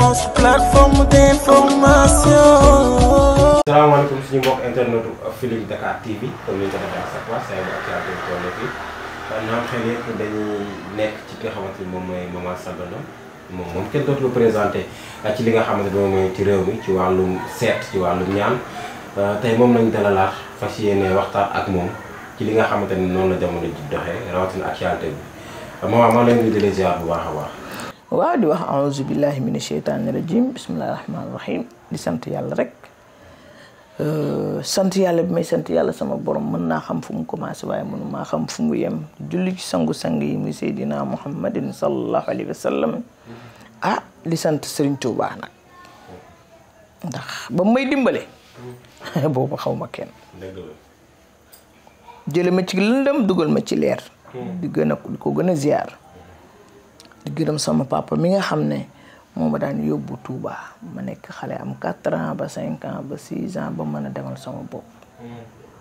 notre plateforme d'information. salaamaaleykum bi toll fii maanaam xel yëpp dañuy nekk ci ki nga ni moom mooy moom moom kenn dootu la présenté euh, ci li nga xamante ne moom mooy ci réew mi ci wàllum seet ci wàllum ñaan euh, tey moom lañ dalalaat fas yéene waxtaan ak moom ci li nga xamante ni noonu la jamono ji doxee rawatina actualité bi euh, maman maa ngi leen di ziar bu waaw di wax aouzu billahi mina sheytaani rajim bismillahi rahmaani rahim di sant yàlla rek euh, sant yàlla bi may sant yàlla sama borom mën naa xam fu mu commencé waaye mënu maa xam fu mu yem julli ci sangu-sang yi muy Seydina Muhammadin xam ma wa sallam ah di sant Serigne Touba nag ndax ba may dimbale boobu xaw ma kenn jële ma ci lëndëm dugal ma ci leer di gën a di ko gën a ziar di gërëm sama papa mi nga xam ne moo ma daan yóbbu Touba ma nekk xale am 4 ans ba 5 ans ba 6 ans ba mën a demal sama bopp.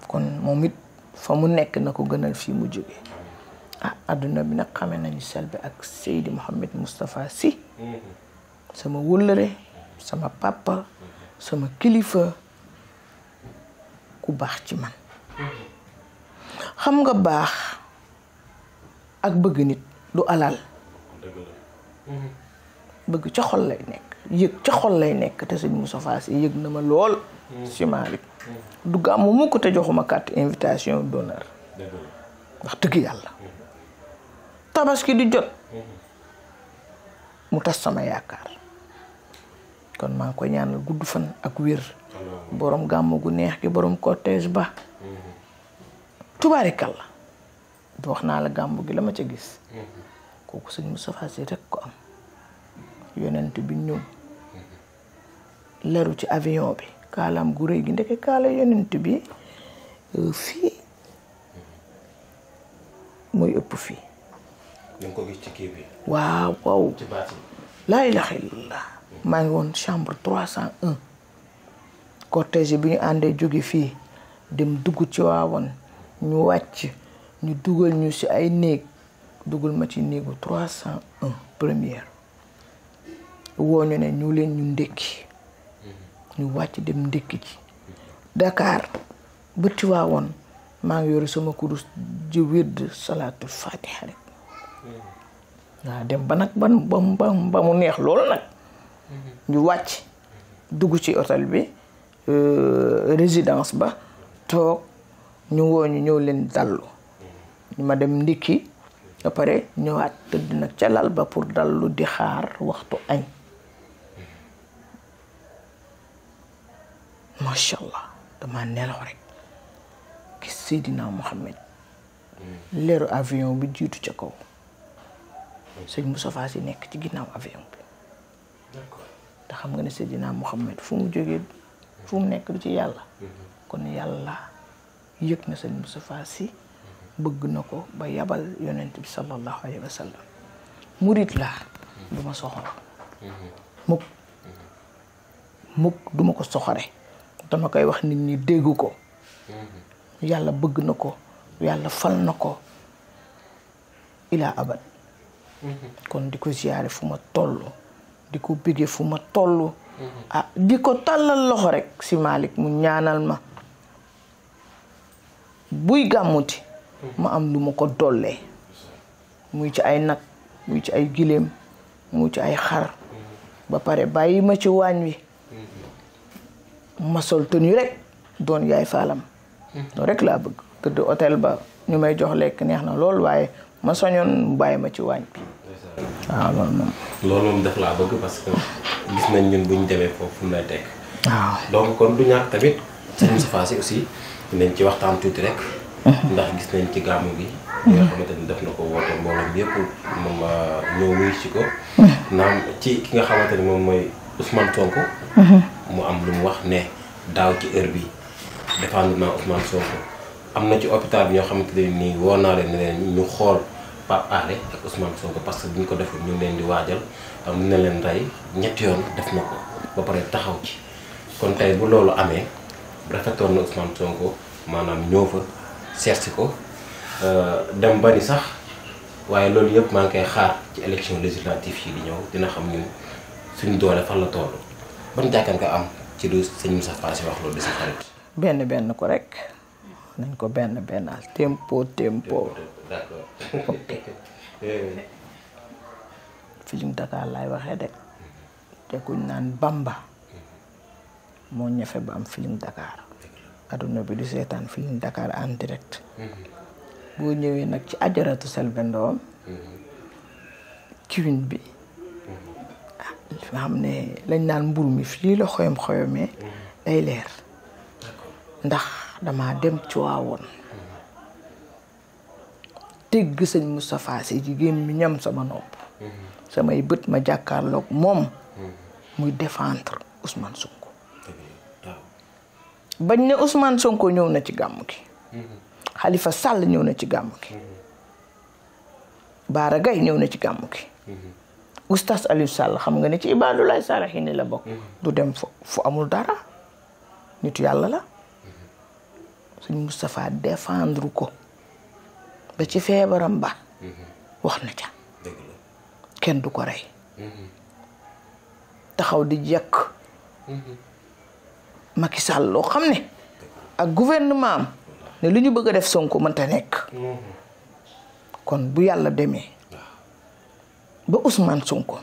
kon moom it fa mu nekk na ko gënal fii mu jóge ah adduna bi nag xamee nañu Selbé ak Seydi Mouhamed Moustapha si sama wëllëre sama papa sama kilifa ku baax ci man. xam nga baax ak bëgg nit du alal. Mm-hmm. bëgg ca xol lay nekk yëg ca xol lay nekk te sëñ Moustapha Sy yëg na ma lool mm-hmm. si mm-hmm. du gàmmu mukk te joxuma carte invitation d'honneur wax dëgg yàlla tabaski du jot mu tas sama yaakaar kon maa ngi koy ñaanal gudd fan ak wér borom gàmmu gu neex gi boroom cortège ba tubaarikal la wax naa la gàmmu gi la ma ca gis kooku sëñ Moustapha Sy rek ko am yonent bi ñëw leru ci avion bi kaalaam gu rëy gi ndeke kaala yonent bi euh, fii mooy ëpp fii ñu ngi ko gis waaw waaw laa ilaha illallah maa ngi woon chambre trois cent un cortège bi ñu àndee jóge fii dem dugg ci waawoon ñu wàcc ñu dugal ñu si ay néeg dugal ma ci néegu trois cent un première woo ñu ne ñu leen ñu ndékki ñu wàcc dem ndékki ci Dakar ba woon maa ngi yore sama kurus ji wedd salaatul fatiha rek waaw dem ba nag ban ba ba mu neex loolu nag ñu wàcc dugg ci hôtel bi euh, résidence ba toog ñu woo ñu ñëw leen dallu ma dem ndékki ba pare ñëwaat tëdd nag ca lal ba pour dal lu di xaar waxtu añ macha allah dama nelaw rek gis Seydina Mohamed leeru avion bi jiitu ca kaw sëñ Moustapha Sy nekk ci ginnaaw avion bi te xam nga ne Seydina Mohamed fu mu jógee fu mu nekk du ci yàlla mhm. kon yàlla yëg na sëñ Moustapha Sy bëgg na ko ba yabal yonent bi sallallahu alayhi wa murit laa du ma soxor mukk mukk du ko soxore dama koy wax nit ñi dégg ko yàlla bëgg na ko yàlla fal na ko ilaa abad kon di ko ziyaare fu ma toll di ko bige fu ma toll ah di ko tàllal loxo rekk si Malick mu ñaanal ma buy gàmmuti ma am lu ma ko dollee muy ci ay nag muy ci ay giléem mu ci ay xar ba pare bàyyi ma ci waañ wi ma sol tenue rek doon yaay faalam loolu rek laa bëgg tëdd hôtel ba ñu may jox lekk neex na lool waaye ma soñoon bàyyi ma ci waañ bi waaw loolu moom def laa bëgg parce que gis nañ ñun bu ñu demee foofu fu mu lay teg waaw kon du ñàkk tamit sëñ Moustapha Sy aussi dinañ ci waxtaan tuuti rek ndax gis nañ ci gàmmu gi. Mhm. nga xamante ni def na ko woote mbooloo yëpp moom ah, ñëw wuyu si ko. Mhm. naam ci ki nga xamante ni moom mooy usman Sonko. Mhm. mu am lu mu wax ne daaw ci heure bi défendre naa Ousmane Sonko am na ci hôpital bi ñoo xamante ne nii woo naa leen ne leen ñu xool Pape Alé ak Ousmane Sonko parce que bu ñu ko deful ñu ngi leen di waajal mun na leen rey ñetti yoon def na ko ba pare taxaw ci kon tey bu loolu amee rafetoon na Ousmane Sonko maanaam ñëw fa. seet si ko euh, dem bari sax waaye loolu yëpp maa ngi koy xaar ci élection législative yi di ñëw dina xam ñun suñu doole fan la toll ban jàkkaan nga am ci lu sëñ Moussa Fassé wax loolu di sa xarit. benn benn ko rek nañ ko benn benn tempo tempo. d'accord eh. film Dakar lay waxe de te kuñ naan Bamba mm-hmm. moo ñafe ba am film dakaar aduna bi du seetaan Feeling Dakar en direct mm-hmm. boo ñëwee nag ci ajaratu Selbé Ndom kiwin mm-hmm. bi mm-hmm. ah, nga xam ne lañ naan mburu mi fii la xoyom xoyomee day leer ndax dama dem ci woon dégg sëñ Moustapha Sy jigéen mi ñam sama nopp samay bët ma jàkkaarloog moom muy défendre Ousmane Sonko bañ ne Ousmane Sonko ñëw na ci gàmm gi mhm. Khalifa Sall ñëw na ci gàmm gi mhm. Baara ñëw na ci gàmm gi mhm. Oustaz Aliou Sall xam nga ne ci ibaadulaay saalihiin la bokk du dem fu amul dara nit yàlla la suñ Moustapha défendre ko ba ci feebaram ba wax na ca kenn du ko rey taxaw di jekk Macky Sall loo xam ne ak gouvernement am ne lu ñu bëgg a def Sonko mënta nekk kon bu yàlla demee ba Ousmane Sonko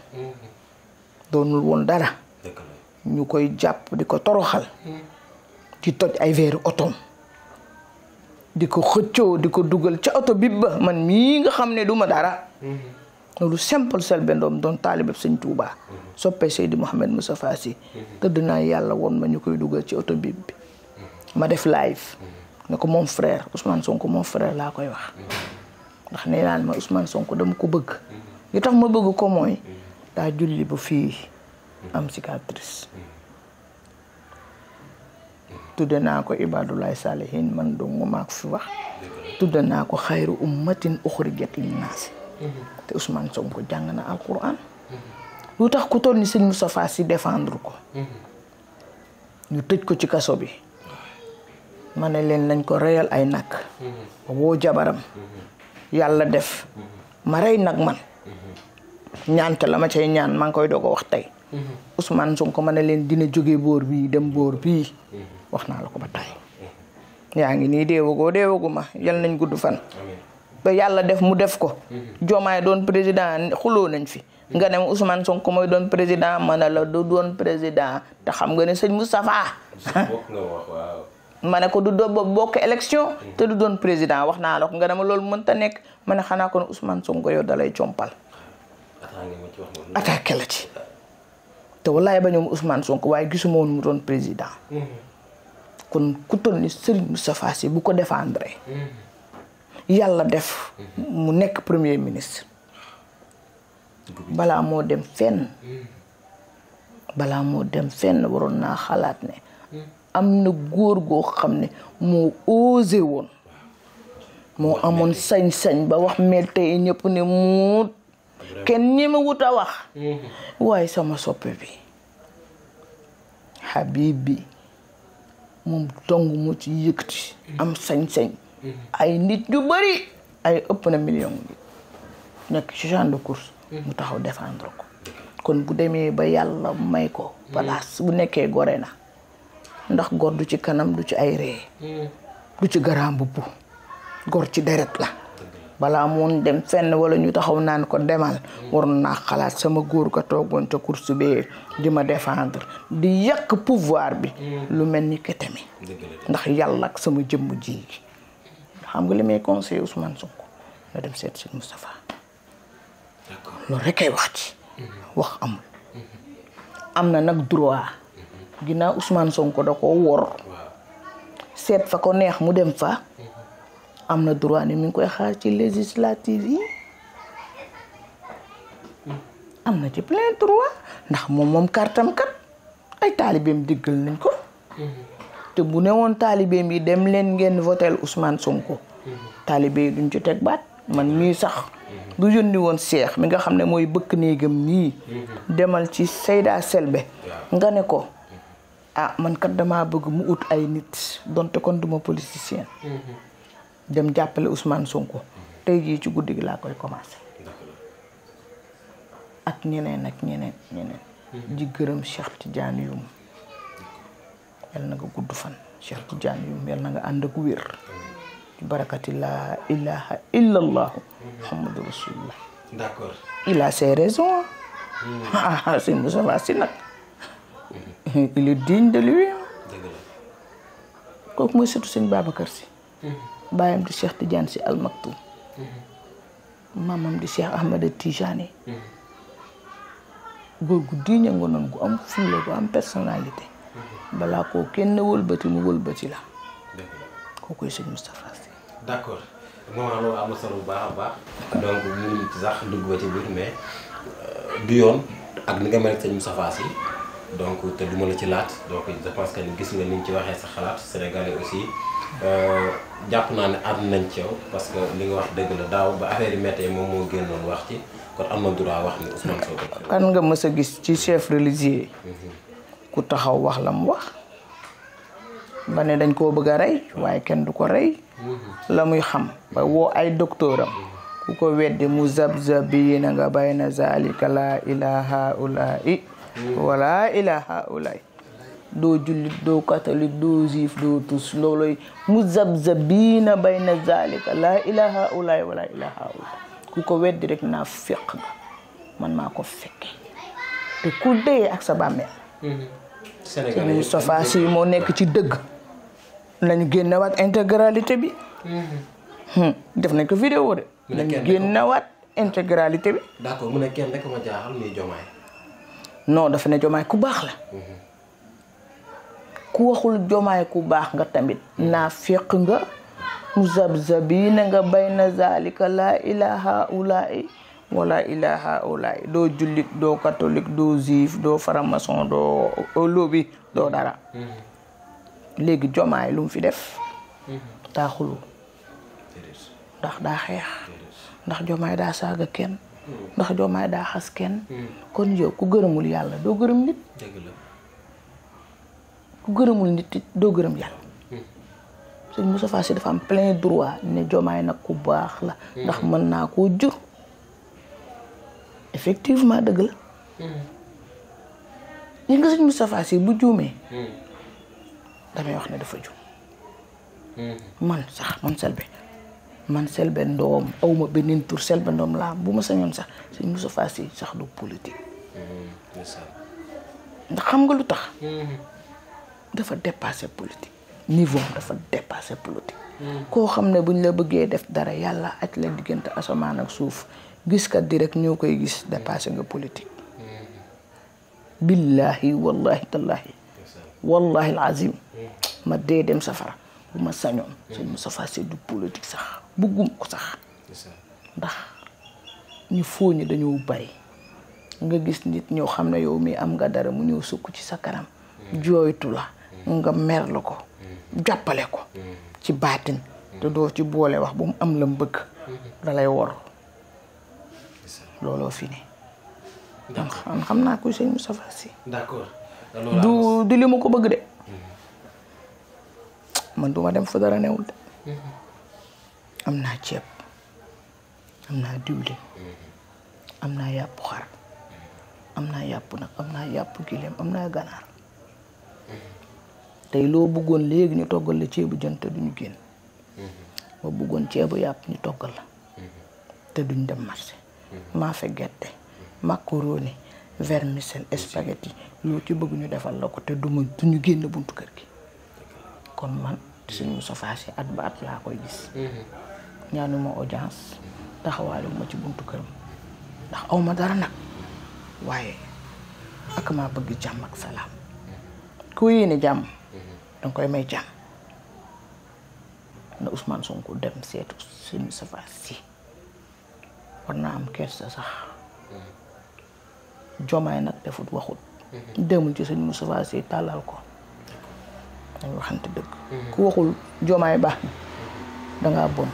doonul woon dara ñu koy jàpp di ko toroxal di toj ay weeru otoom di ko xëccoo di ko dugal ca oto bi ba man mii nga xam ne du ma dara noonu lu simple Selbé Ndom doon taalibeb sëñ Tuubaa soppee Seydi Mouhamed Moustapha Sy tëdd naa yàlla woon ma ñu koy dugal ci oto bi ma def live ne ko moom frère Ousmane Sonko moom frère laa koy wax ndax nee naa ma Ousmane Sonko dama ko bëgg li tax ma bëgg ko mooy daa julli bu fii am cicatrice tudde naa ko ibadulaay salihin man dong maak fi wax tudde naa ko xayru ummatin uxrijat linnaasi Mm-hmm. te Ousmane ko jàng na alquran. Mm-hmm. lu tax ku toll ni sëñ Moustapha Sy défendre ko. Mm-hmm. ñu tëj ko ci kaso bi. ma ne leen lañ ko reyal ay nag. woo jabaram. yàlla def. ma rey nag man. ñaan te la ma cay ñaan maa ngi koy doog ko wax tey. Ousmane ko ma ne leen dina jóge bóor bii dem bóor bii. wax naa la ko ba tey. yaa ngi nii deewagoo deewaguma yal nañ gudd fan. ba yàlla def mu def ko. Mhm. Diomaye doon président xuloo nañ fi. Mhm. nga ne Ousmane Sonko mooy doon président ma ne la du doon président te xam nga ne sëñ Moustapha. ma ne ko du doon bokk élection. Mhm. te du doon président wax naa la ko nga ne ma loolu mënta nekk ma ne xanaa kon Ousmane Sonko yow dalay compal. attaqué la ci. te wallaay ba ñoom Ousmane sonk waaye gisuma woon mu doon président. kon ku toll ni Serigne Moustapha Sy bu ko défendre. yàlla def mu nekk premier ministre balaa moo dem fenn balaa moo dem fenn waroon naa xalaat ne am na góor goo xam ne moo osé woon moo amoon sañ-sañ ba wax mel tey ñëpp ne muut kenn ñi a wax waaye sama soppe bi Habib bi moom dong mu ci yëkkati am sañ-sañ ay nit ñu bëri ay ëpp na million nit nekk ci champ de course mm-hmm. mu taxaw défendre ko kon bu demee ba yàlla may ko mm-hmm. place bu nekkee gore na ndax gor du ci kanam du ci ay ree mm-hmm. du ci garaam bubb gor ci deret la balaa moon dem fenn wala ñu taxaw naan ko demal waroon naa xalaat sama góor ka toogoon ca course bi di ma défendre di yàq pouvoir bi lu mel ni ketemi ndax yàlla ak sama jëmm ji xam nga li may conseillé Ousmane Sonko na dem seet Sëñ Moustapha. loolu rek kay wax ci. Mhm. wax amul. Mhm. am na nag droit. Mhm. ginnaaw Ousmane Sonko da koo wor. seet fa ko neex mu dem fa. am na droit ni mu ngi koy xaar ci législative yi. am na ci plein droit ndax moom moom kartam kat ay taalibeem diggal nañ ko. te bu newoon taalibeem yi dem leen ngeen votel Ousmane Sonko. taalibe yi duñ ci teg baat man mii sax. bu yónni woon seex mi nga xam ne mooy bëkk néegam nii. demal ci Seyda Selbe. nga ne ko ah man kat damaa bëgg mu ut ay nit donte kon duma politicien. dem jàppale Ousmane Sonko. tey jii ci guddi gi laa koy commencé. ak ñeneen ak ñeneen ñeneen. Hmm. di gërëm Cheikh Tidiane Youm. yal na nga gudd fan Cheikh Tidiane yum yal na nga ànd ak wér ci barakati la ilaha illallah muhammadu rasulullah d'accord il a ses raisons hmm. ah si nag hmm. il est digne de lui kooku mooy surtout sëñ Babacar si hmm. bàyyam di Cheikh Tidiane si Al maamam di Cheikh Ahmed Tijani góor gu diine gu am fulla gu am personnalité balaa koo kenn wëlbati mu wëlbati la. kooku sëñ Moustapha Sy. d' accord maman loolu am solo bu baax a baax. donc mënuñu ci sax dugg ba ci biir mais euh, du yoon ak ni nga mel sëñ Moustapha Sy donc te duma la ci laat donc je pense que gis nga ni ñu ci waxee sa xalaat sénégalais aussi euh, jàpp naa ne ànd nañ ci yow parce que li nga wax dëgg la daaw ba affaire yi moom moo génnoon wax ci kon am na droit wax ni Ousmane Sonko. kan nga mës a gis ci chef religieux. Mhm. ku taxaw wax la mu wax ba ne dañ koo bëgg a rey waaye kenn du ko rey la muy xam ba woo ay docteuram ku ko weddi mu nga bayna zalika laa ilaa haulaai wala ilaa haulaai doo jullit doo catholique doo juif doo tus looloy mu ku ko weddi rek naa féq man maa ko fekke te ku dee ak sa bàmmeel Sénégal yi Moustapha Sy moo nekk ci dëgg. nañu génnewaat intégralité bi. Mhm. Hmm. def nañ ko vidéo de. nañu génnewaat intégralité bi. d'accord dafa ne Jomaay ku baax la. Mhm. ku waxul Jomaay ku baax nga tamit. Mhm. naa fekk nga. mu zab zabi na nga bay na zaalika laa ilaaha wala ilaha olaay doo jullit doo catholique doo juif doo faramason doo loobi doo dara mm-hmm. léegi jomaay lu mu fi def daa mm-hmm. xulu ndax daa xeex ndax jomaay daa saaga kenn mm. ndax jomaay daa xas kenn mm. kon yow ku gërëmul yàlla doo gërëm nit ku gërëmul nit it doo gërëm yàlla mm. sëñ Moustapha Sy dafa am plein droit ne jomaay nag ku baax la ndax mën naa koo jur effectivement dëgg la. li hmm. nga sëñ Moustapha Sy bu juumee. Hmm. damay wax ne dafa juum. Hmm. man sax man Selbé man Selbé Ndom awma beneen tur Selbé Ndom laa bu ma sañoon sax sëñ Moustapha Sy sax du politique. ndax xam nga lu tax. dafa dépassé politique niveau dafa dépassé politique. koo xam ne bu ñu la bëggee def dara yàlla aj la diggante asamaan ak suuf. giskat di rek ñoo koy gis dépassé nga politique billahi wallahi tallahi wallahi alazim ma dee dem safara bu ma sañoon sëñ Moustapha Sy du sax bëggum ko sax ndax ñu fooñu dañoo bari nga gis nit ñoo xam ne yow mii am nga dara mu ñëw sukk ci sa kanam jooytu la nga merlu ko jàppale ko ci baatin te doo ci boole wax bu mu am la bëgg dalay wor looloo fi ne. xam naa kuy sëñ Moustapha Sy. d'accord du du li ma ko bëgg de. Mhm. man duma dem fa dara newul de. Mhm. am naa ceeb am naa diwlin mhm. am naa yàpp xar am naa yàpp nag am naa yàpp gileem am naa ganaar tey loo bëggoon léegi ñu toggal la ceebu jën te duñu génn. boo bëggoon ceebu yàpp ñu toggal la te duñ dem marché. maafe gerte macaroni vermicelle spaghetti loo ci bëgg ñu defal la ko te duma du ñu génn buntu kër gi kon man suñu Moustapha Sy at ba at laa koy gis mm-hmm. ñaanuma audience taxawaaluma ci buntu këram ndax awma dara nag waaye ak maa bëgg jàmm ak salaam ku yéene jàmm mm-hmm. danga koy may jàmm na Ousmane Sonko dem seetu suñu Moustapha si war naa am kersa sax hmm. jomaay nag defut waxut hmm. demul ci sëñ Moustapha Sy tàllal ko dañ waxante dëgg hmm. ku waxul jomaay baax na dangaa bon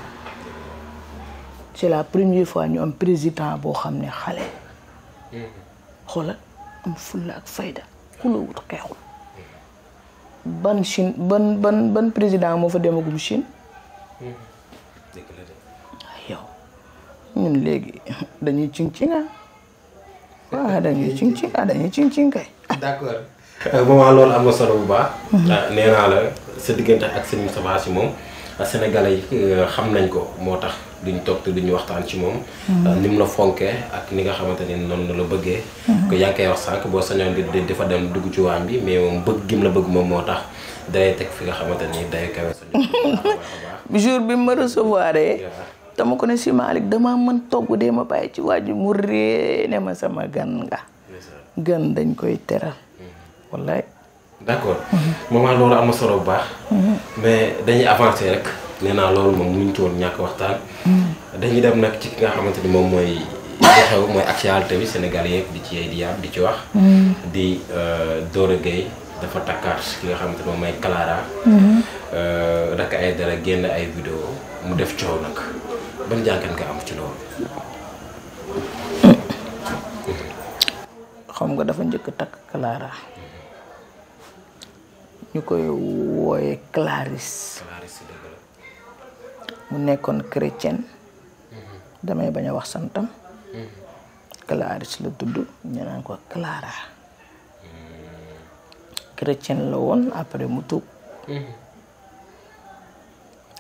c'est la première fois ñu am président boo xam ne xale xoolal am fulla ak fayda xulawut xeexul ban Chine ban ban ban président moo fa demagum Chine ñun léegi dañuy cincina waaw dañuy cincina dañuy cincin kay. d'accord euh, maman loolu am na solo bu baax. Euh, nee naa la sa diggante ak Serigne Moustapha Sy moom sénégalais yi euh, xam nañ ko moo tax duñ toog te duñ waxtaan ci moom. Hmm. ni mu la fonkee ak ni nga xamante ne noonu la bëggee. ko hmm. yaa wax sànq boo sañoon di dafa dem dugg ci waañ bi mais moom bëgg gim la bëgg moom moo tax day teg fi nga xamante ni day kawe sa jour bi ma recevoir eh? dama ko ne si Malick dama mën togg dee ma bàyyi ci waaju mu ree ne ma sama gan nga gan dañ koy teral mm-hmm. wallaay d'accord mm-hmm. maman loolu am na solo bu baax mm-hmm. mais dañuy avancer rek nee naa loolu moom muñ toon ñàkk waxtaan dañuy dem nag ci ki nga xamante ni moom mooy li xew mooy actualité bi Sénégal yëpp di ci di ci wax di euh, Doro Gueye dafa takkaat ki nga xamante ni moom mooy Clara. rek ay dara génn ay vidéo mu def coow nag ban jàngat nga am ci loolu. xam nga dafa njëkk takk Clara ñu koy wooye Clarisse mu nekkoon chrétienne damay bañ a wax santam Clarisse la tudd ñu naan ko Clara hmm. chrétienne la woon après mu tuub. Hmm.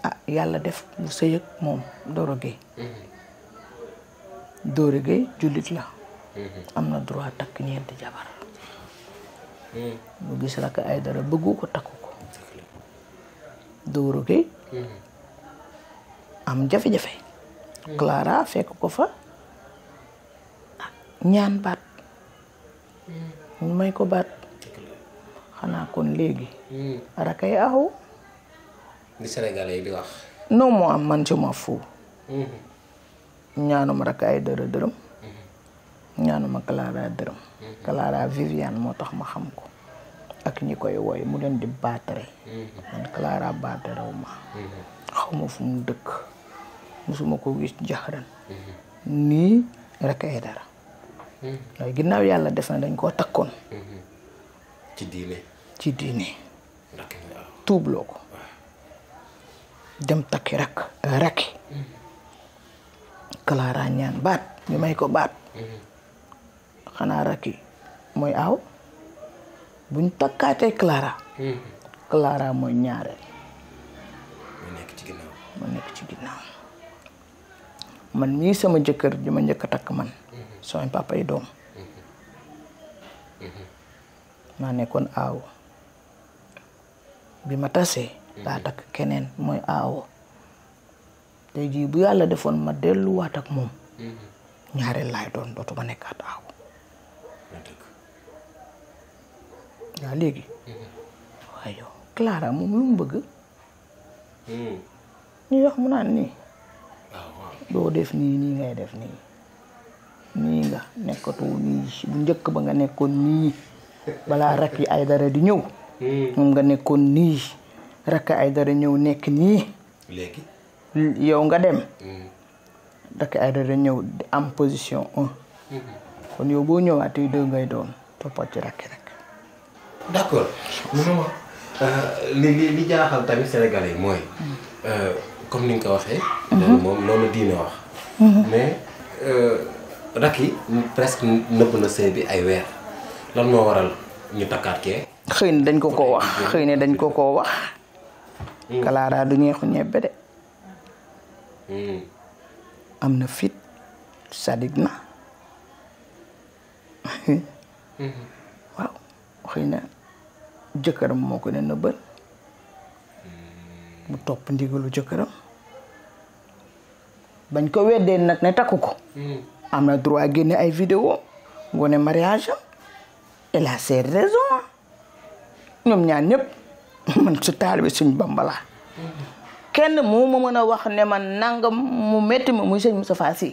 ah yàlla def mu sëy moom Doro Gueye Doro Gueye jullit la am na droit takk ñeent jabar mu gis Raka Aidara bëggu ko takku ko Doro Gueye am jafe-jafe Clara fekk ko fa ah, ñaan baat ñu may ko baat xanaa kon léegi Raka yi aw li Sénégalais moo am man ci ma fou. ñaanuma rek ay dërë dërëm. Mhm. ñaanuma Clara dërëm. Mhm. Clara Viviane moo tax ma xam ko. ak ñi koy woy mu leen di baatare. Mhm. man Clara baatarew ma. xaw ma fu mu dëkk. musuma ko gis jaxran. nii rek ay dara. waaye ginnaaw yàlla def na dañ koo takkoon. ci diine. ci ko. dem takki rak euh, rakki Clara ñaan baat ñu may ko baat xanaa rakki mooy aaw buñ takkaatee Clara Clara mooy ñaareel mu nekk ci ginnaaw man mii sama jëkkër ji ma njëkk takk man sama papa yi doom maa nekkoon aaw bi ma tasee daa mhm. takk keneen mooy aawo te jii bu yàlla defoon ma delluwaat ak moom mhm. ñaareel laay doon dootuma nekkaat aawo waaw léegi mhm. waaye yow Clara moom lu mu bëgg hmm. ñuy wax mu naan nii ah, doo def nii nii ngay def nii nii nga nekkatoo nii bu njëkk ba nga nekkoon nii balaa rakk yi ay dara di ñëw hmm. moom nga nekkoon nii rakk ay dara ñëw nekk nii. léegi. yow nga dem. Mm. rakk ay dara ñëw am position un. Mm-hmm. kon yow boo ñëwaatee deux ngay doon toppat ci rakk rek. d'accord maman euh, li li li jaaxal tamit sénégalais yi mooy. Mm. Euh, comme ni ko waxee. Mm-hmm. loolu moom loolu diine wax. Mm-hmm. mais euh, rakk presque nëbb na sëy bi ay weer lan moo waral ñu takkaat kee. xëy na dañ ko ko wax xëy na dañ ko ko wax. Mm. kalaaraa du ñeexu ñebbe de mm. am na fit sadik na mm-hmm. waaw xëy na jëkkëram moo ko ne nëbbal mm. mu topp ndigalu jëkkëram bañ ko weddee nag ne takku ko am na droit génne ay vidéo ngone mariage am elle a ses raisons ñoom ñaar ñëpp man su taalibe suñ Bamba laa kenn moo ma mën a wax ne man nangam mu metti ma muy sëñ Moustapha Sy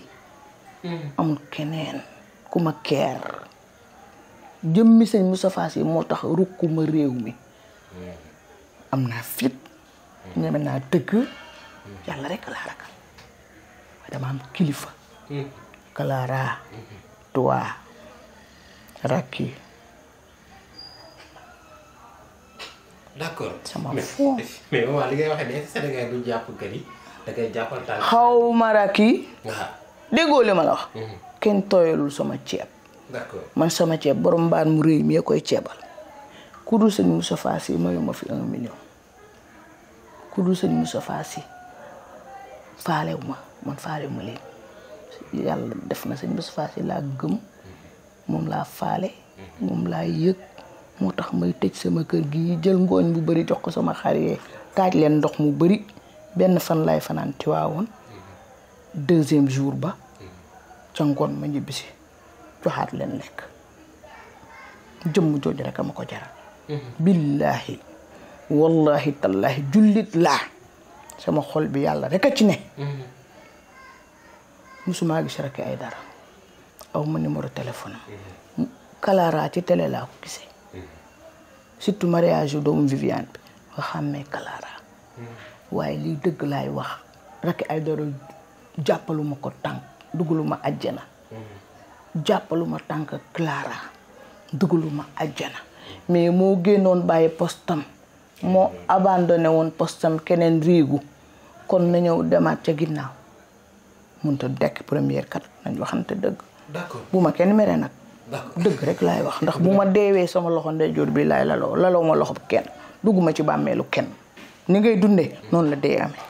amul keneen ku ma keer jëmmi sëñ Moustapha Sy moo tax rukku ma réew mi am naa fit ñeme naa dëgg yàlla rek laa ragal dama am kilifa hmm. Clara toi Racky d'accord sama foo li ngay waxee ne Sénégal du jàpp kër yi da ngay xaw ma rakk li ma la wax mhm. kenn tooyalul sama ceeb d'accord man sama ceeb borom mbaan mu réy mi koy ceebal ku dul sëñ Moussa Fass yi mayu ma fi un million ku dul sëñ Moussa Fass yi faalewu ma man faalewu leen yàlla def na sëñ Moussa Fass yi laa gëm mhm. moom laa faale mhm. moom laa yëg moo tax may tëj sama kër gi jël ngooñ bu bari jox ko sama xar yee taaj leen ndox mu bari benn fan laay fanaan Tiwaawoon deuxième jour ba ca ngoon ma ñibbisi joxaat leen lekk jëmm jooju rek a ma ko jaral billaahi wallahi tallaahi jullit laa sama xol bi yàlla rekk a ci ne musumaa gis rek ay dara aw ma numéro téléphone kalaaraa ci télé laa ko gisee surtout mariage yu doomu Viviane bi nga xàmmee Clara hmm. waaye lii dëgg laay wax Racky Aïdara jàppaluma ko tànk dugaluma àjjana hmm. jàppaluma tànk Clara dugaluma àjjana mais moo génnoon bàyyi postam moo hmm. abandonné woon postam keneen riigu kon na demaat ca ginnaaw mënut a dekk première kat nañ waxante dëgg. bu ma kenn mere nag. dëgg rek laay wax ndax bu ma deewee sama loxo ndeyjoor bi laay laloo laloo ma loxo kenn dugguma ci bàmmeelu kenn ni ngay dundee noonu la dee amee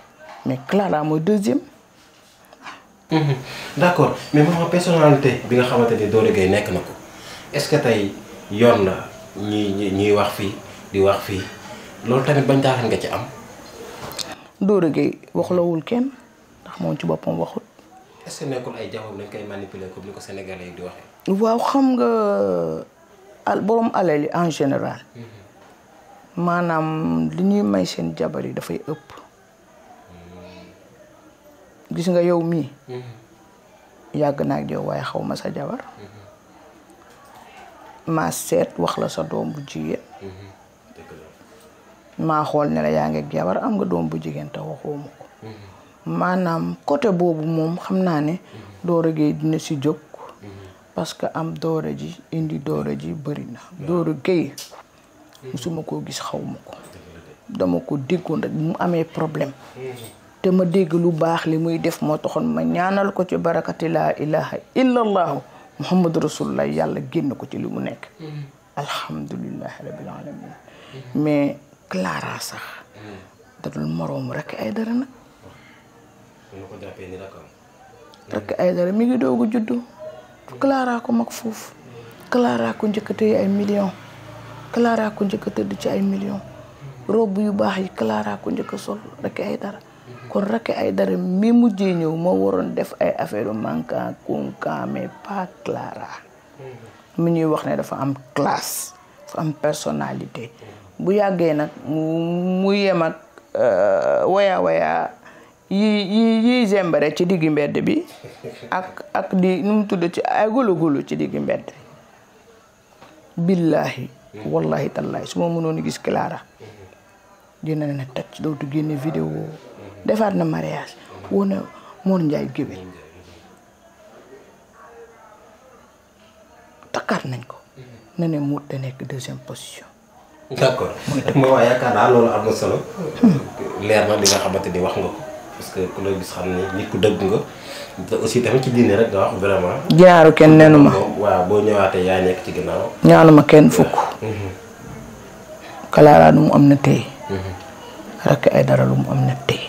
mais Clara mooy deuxième. Mhm. d' accord mais maman bi nga xamante ni Doro Gueye nekk na ko est ce que tey yoon la ñuy ñuy wax fii di wax fii loolu tamit bañ taaxan nga ci am. Doro Gueye waxlawul kenn ndax moom ci boppam waxut. est ce nekkul ay jaww dañ koy manipuler comme ni ko sénégalais yi di waxee. waaw xam nga borom alal yi en général maanaam li ñuy may seen jabar yi dafay ëpp gis nga yow mi yàgg naa ak yow xaw ma sa jabar maa seet wax la sa doom bu jigéen maa xool ne la yaa ngi jabar am nga doom bu jigéen te waxoo maanaam côté boobu moom xam naa ne doo rëggee dina si jóg parce que am doore ji indi doore ji bëri na doore Gueye musuma koo gis xaw ma ko dama ko déggoon rek mu amee problème te ma dégg lu baax li muy def moo taxoon ma ñaanal ko ci barakati laa ilaha illallahu muhammadu rasulullah yàlla génn ko ci li mu nekk alhamdulillahi rabbil alamin mais Clara sax da dul moroom ay dara nag rek ay dara mi ngi doogu juddu Clara ko mag foofu Clara ko njëkk tëdd ci ay million rob yu baax yi Clara ko njëkk a sol ay Aïdara kon Racky Aïdara mi mujjee ñëw moo waroon def ay affaire yu manquant mais pas Clara mi ñuy wax ne dafa am classe dafa am personnalité bu yàggee nag mu yem ak euh, waya waya yii yii yii zembare ci diggi mbedd bi ak ak di nu mu tudd ci ay golo golo ci diggi mbedd billaahi wallahi tallahi su ma mënoon gis Clara dina ne toj dootu génne vidéo defaat na mariage woo na Mor Njaay géwél takkaat nañ ko na ne muut te nekk deuxième position d'accord mooy yaakaar naa loolu am na solo hmm. leer na li nga xamante ni wax nga ko parce que ku la gis xam ne nit ku dëgg nga te kenn nenu ma waaw boo kenn fukk. Mhm. Kalaara lu mu am na tey. Mhm. Racky Aidara lu mu am na tey.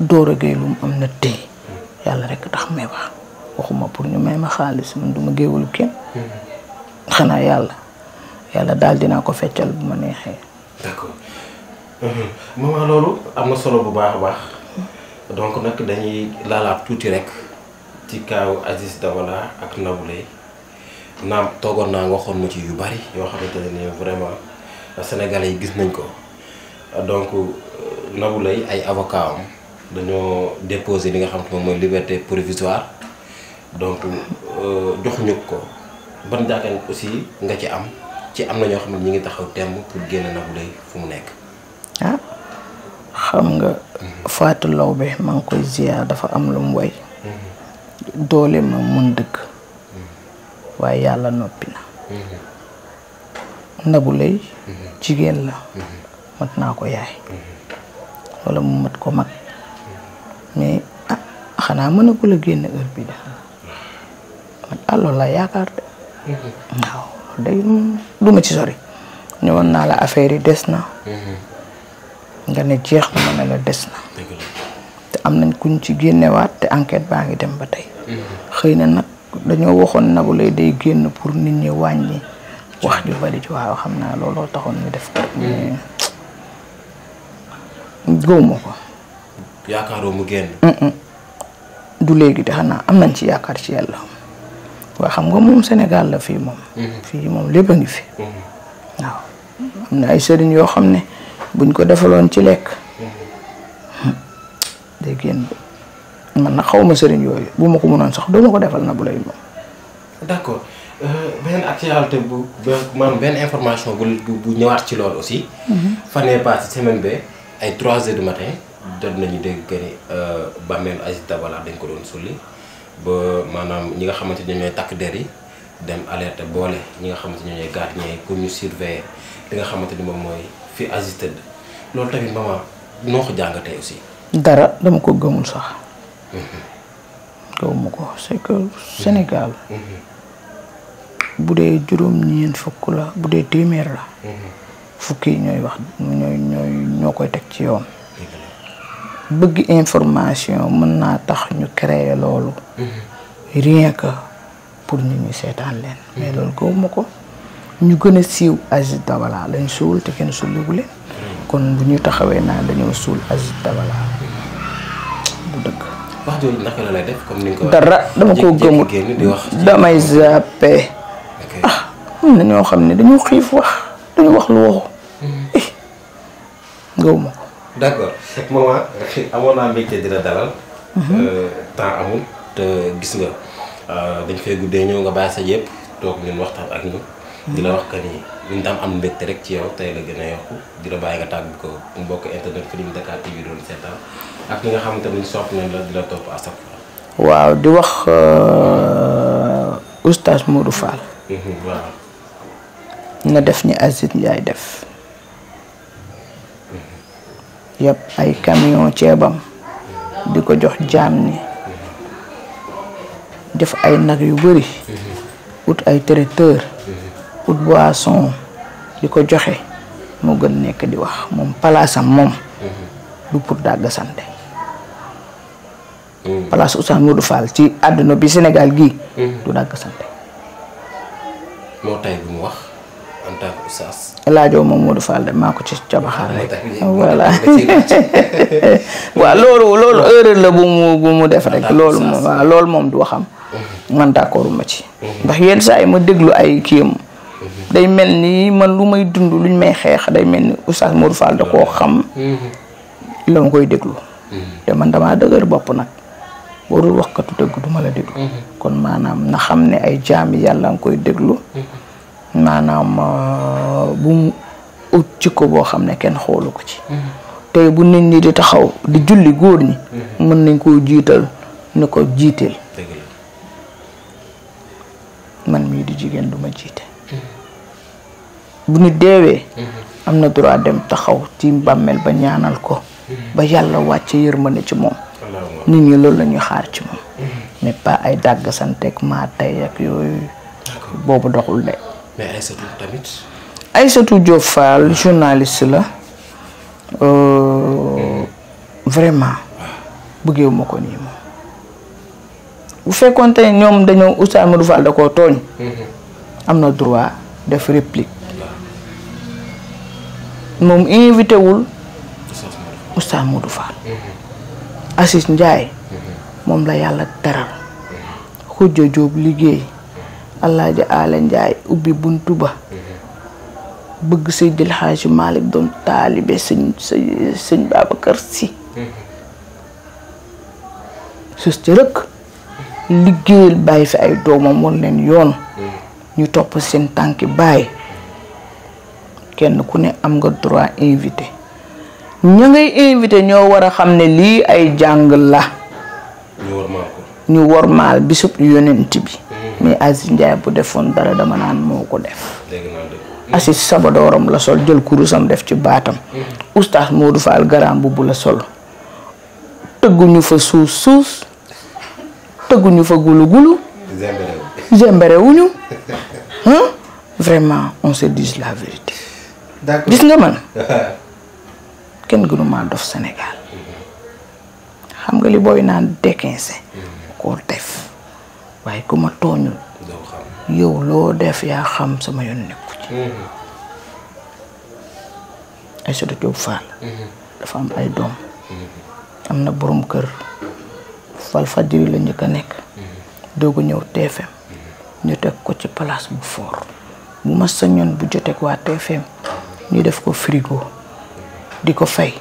Doro Gueye lu mu am na tey. Mhm. yàlla rek tax may wax waxuma pour ñu may ma xaalis man du ma kenn. xanaa yàlla yàlla daal dinaa ko feccal bu ma neexee. d'accord maman loolu am na solo bu baax a baax. donc nag dañuy laalaat tuuti rek ci kaaw Aziz Dabala ak Naboulaye naam toogoon naa waxoon mu ci yu bari yoo xamante ne ne vraiment sénégalais yi gis nañ ko donc Naboulaye ay avocat am dañoo déposé li nga xam te moom mooy liberté provisoire donc euh, joxuñu ko ban jàkkaan aussi nga ci am ci am na ñoo xam ne ñu ngi taxaw temb pour génn Naboulaye fu mu nekk. xam nga Fatou Lawbe maa koy ziar dafa am lu mu way doole ma mun dëgg waaye yàlla noppi na Nabou Leye jigéen la mat naa ko yaay wala mu mat ko mag mais ah xanaa mën na ko la génn heure da man allo ah, yaakaar de waaw duma ci sori ñëwoon naa la affaire yi des na nga ne jeex na ma ne la des na te am nañ kuñ ci génnewaat te enquête baa ngi dem ba tey xëy na nag dañoo waxoon Nabou Leye day génn pour nit ñi wàññi wax ju bari ci waaw xam naa looloo taxoon ñu def ko mm. góoma léegi de xanaa am nañ ci yaakaar ci yàlla xam nga moom Sénégal la fii moom mm-hmm. fii moom lépp a ngi fi mm-hmm. waaw am na ay sëriñ yoo xam ne buñ ko defaloon ci lekk day man na xaw ma sëriñ yooyu bu ma ko mënoon sax doo ma ko defal na bu lay moom. d'accord euh, benn actualité bu maanaam benn information bu bu ñëwaat ci lool aussi. Mhm. fan yii passé semaine ba ay trois heures de matin. jot nañu dégg que ni euh, bàmmeelu Aziz Dabala dañ ko doon sulli ba maanaam ñi nga xamante ne ñooy takk der yi dem alerte boole ñi nga xamante ne ñooy gardien pour ñu surveiller li nga xamante ni moom mooy. fi Aziz tëdd loolu tamit maman ko jàngatee aussi. dara dama ko gëmul sax. Mhm. gëmuma ko c'est que Sénégal. Mhm. bu dee juróom-ñeent fukk la bu dee téeméer la. Mhm. fukki ñooy wax ñooy ñooy ñoo koy teg ci yoon. bëgg information mën naa tax ñu créer loolu. rien que pour nit ñi seetaan leen. mais loolu gëmuma ko. ñu gën a siiw Aziz Dabala lañ suul te kenn suulewu leen kon bu ñu taxawee naan dañoo suul Aziz Dabala bu dëgg. lay def comme ni ko dara dama ko gëmut damay zappé. ah am na ñoo xam ne dañu xiif wax dañu wax lu waxu. ngaw mhm. eh, ma ko. dina dalal. Mhm. Euh, temps amul te gis nga euh, dañ nga bàyyi yëpp toog di la wax que ni ñu am mbégte rek ci yow tey la gën a yokku di bàyyi nga tàggu ko mbokk internet Feeling Dakar TV doon seetaan ak li nga xam te ni sopp nañ la di la topp à chaque waaw di wax euh, oustaz Modou du mhm, waaw. na def ni Aziz Ndiaye def. Mhm. yëpp ay camion ceebam. di ko jox jaam ni mhm. def ay nag yu bëri. ut ay traiteur. ut boisson di ko joxe moo gën nekk di wax moom palaasam moom du pour dàgg sante mm. palaas Oustaz Modou Fall ci àdduna bi Sénégal gii mm. du dàgg sante moo tay wax en moom Modou Fall de maa ko ci cabaxal rek voilà loolu loolu erreur bu mu def rek ah, loolu moom waaw loolu moom du waxam mm-hmm. man ci mm-hmm. ndax yenn saa yi ma déglu ay kiyam day mel ni man lu may dund luñ may xeex day mel ni oustaz Modou Fall da koo xam. la mm-hmm. ma koy déglu. Mm-hmm. te man damaa dëgër bopp nag boo dul waxkatu dëgg du la déglu. Mm-hmm. kon maanaam na xam ne ay jaami yàlla nga koy déglu. maanaam euh, bu mu ut ci ko boo xam ne kenn xoolu ko ci. te bu nit ñi di taxaw di julli góor ñi. mën nañ koo jiital ni ko jiiteel. man mii di jigéen du ma jiite. bu nit deewee mm-hmm. am na droit dem taxaw ci bàmmeel ba ñaanal ko mm-hmm. ba yàlla wàcce yërmande ci moom nit ñi loolu lañuy xaar ci moom mm-hmm. mais pas ay dàgg santeeg maa tey ak yooyu boobu doxul de mais Aïssatou tamit Aïssatou Diop la euh, vraiment ah. bëggeewu ma ko nii moom bu fekkoonte ñoom dañoo Oustaz Modou Fall da koo tooñ am na droit def réplique moom invité wul Oustaz Modou Fall mm-hmm. Assis Ndiaye mm-hmm. moom la yàlla teral mm-hmm. Khoudia Diop liggéey Alaaji Aala Ndiaye ubbi buntu ba bëgg Seydil Hadji Malick doon taalibe sëñ sëñ Babacar Si sus ci liggéeyal bàyyi fi ay doomam woon leen yoon ñu topp seen tànki bàyyi kenn ku ne am nga droit invité ña ngay invité ñoo war a xam ne lii ay jàng la ñu wormaal bisub yonent bi mm-hmm. mais Aziz Ndiaye bu defoon dara dama naan moo ko def mm-hmm. Aziz sabadooram la sol jël kurusam def ci baatam mm-hmm. oustaz Modou Fall garaam bu bu la sol tëgguñu fa suus suus tëgguñu fa gulu gulu zemberewuñu vraiment on d'accord gis nga man kenn gënu dof Sénégal xam nga li booy naan déquince mm-hmm. koo def waaye ku ma tooñul yow loo def yaa xam sama yoon nekku ci mm-hmm. Aïssatou Diop Fall mm-hmm. dafa am ay doom am na boroom kër Walfadjri la njëkk a nekk doogu ñëw TFM ñu teg ko ci palaas bu fort bu ma sañoon bu joteeg waa TFM ñu def ko frigo di ko fay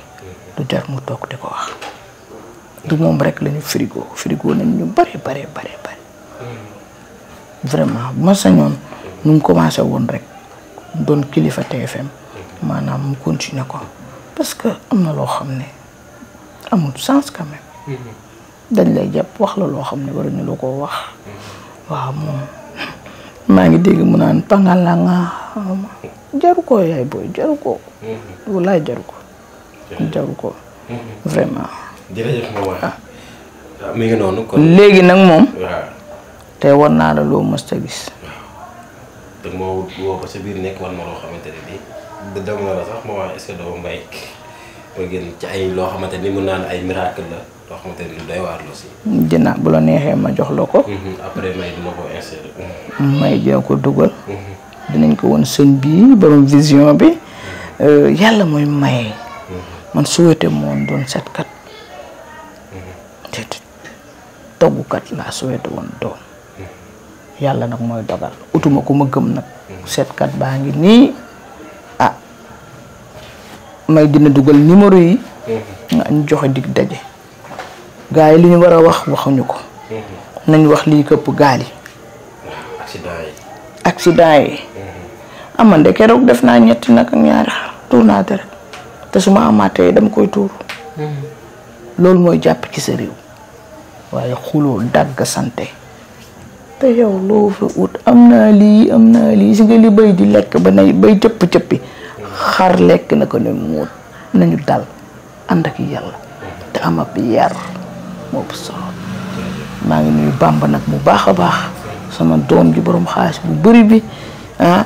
du jar mu toog di ko wax du moom rek lañu frigo frigo nañ ñu bare bare bare bare bu ma sañoon nu mu commencé woon rek doon kilifa TFM maanaam mu continuer ko parce que am na loo xam ne amul sens quand même dañ lay jàpp wax la loo xam ne waruñu la ko wax mm-hmm. waaw moom maa ngi dégg mu naan pangalanga jaru ko yaay booy jaru ko. Mhm. walaay jaru ko. jaru ko mhm. vraiment. jërëjëf ah. Ah, kon léegi nag moom. te war naa la loo mës a gis. waaw moo woo biir nekk war xamante ne nii dem ma wax est doo mbay ci ay loo xamante ni mën naa ne ay miracle la loo bu la neexee ma jox la ko. Mhm. may dina ko dugal. dinañ ko woon sëñ bii borom vision bi euh, yàlla mooy may man souhaité moon doon setkat déedéet toggukat laa souhaité woon doon yàlla nag mooy dogal utuma ko ma gëm nag setkat baa ngi nii ah may dina dugal numéro yi nga ñu joxe dig daje gaa yi li ñu war a wax waxuñu ko nañ wax lii këpp gaal yi accident yi aman ah, de keroog def naa ñetti nag ak te su ma amaatee dama koy tuuru hmm. loolu mooy jàpp ci sa réew waaye xuloo dagg sante te yow am na lii am naa lii si nga li bay di lekk ba nay bay cëpp-cëppi xar lekk na ko ne muut nañu dal ànd ak yàlla te am ab yar moo solo maa ngi nuyu bàmba nag bu baax a baax sama doom ji boroom xaalis bu bari bi ah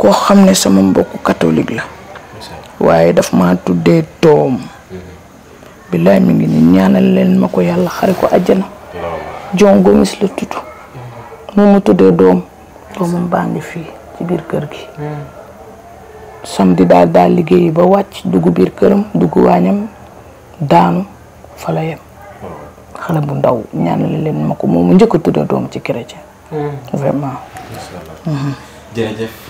koo xam ne sama mbokku catholique la waaye daf ma tuddee doom billaay mi ngi ni ñaanal leen ma ko yàlla xare ko àjjana John Gomis la tudd moom mu tuddee doom doomam baa ngi fii ci biir kër gi samedi daal daal liggéey ba wàcc dugg biir këram dugg waañam daanu fa la xale bu ndaw ñaanal leen ma ko moom mu njëkk a tuddee doom ci chrétien hmm. vraiment jërëjëf